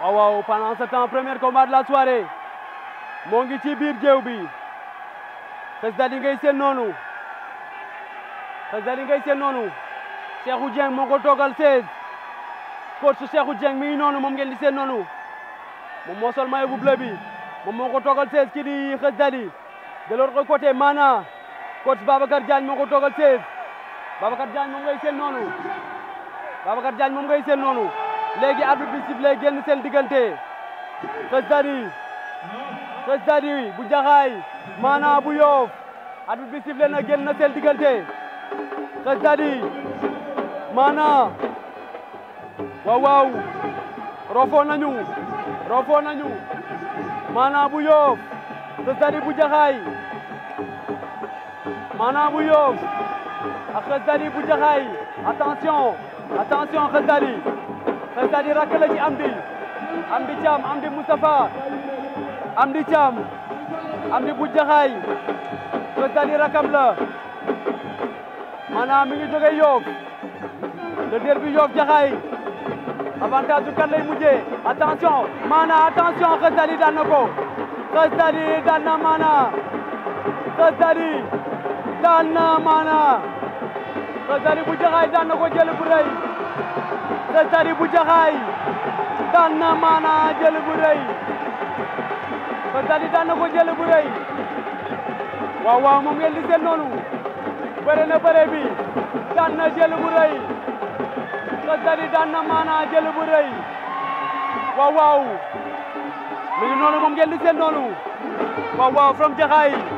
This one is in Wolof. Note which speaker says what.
Speaker 1: waaw waaw pendant ce temps premier combat de la soirée
Speaker 2: ngi ci biir géew bi Fess Daddy ngay seen noonu Fess Daddy ngay seen noonu Cheikhou Dieng moo toogal 16 coach Cheikhou Dieng mi noonu moom ngeen di seen noonu moom moo sol maillot bu bleu bi moom moo ko toogal 16 kii di Fess Daddy de l'autre côté Mana coach Babacar Diagne moo ko toogal 16 Babacar Diagne moom ngay seen noonu Babacar Diagne moom ngay seen noonu léegi arbitre bi sifflé génn seen diggante Kheus Dady Kheus Dady bu jaxaay maana bu yoof arbitre bi sifflé na génn na seen diggante Kheus Dady maana waaw waaw rofo nañu rofo maana bu yoof Kheus Dady bu jaxaay maana bu yoof ak Kheus bu jaxaay attention attention Kheus Dady c'est-à-dire rakk la ci Amdi Amdi Thiam Amdi Moustapha Amdi Thiam Amdi bu Jaxaay c'est-à-dire rakam la maanaam mi ngi jóge Yoff le derby Yoff Jaxaay avantage kan lay mujjee attention Mana attention Kheus Dady daan na ko Kheus Dady Mana Kheus Dady daan Mana Sassari bu Jaxaay daan na ko jël bu rëy Sassari bu Jaxaay daan na maana jël bu rëy Sassari daan ko jël bu rëy waaw waaw moom di seen noonu bëre jël bu rëy Sassari daan maana jël bu rëy waaw waaw mi ngi
Speaker 1: di seen noonu waaw waaw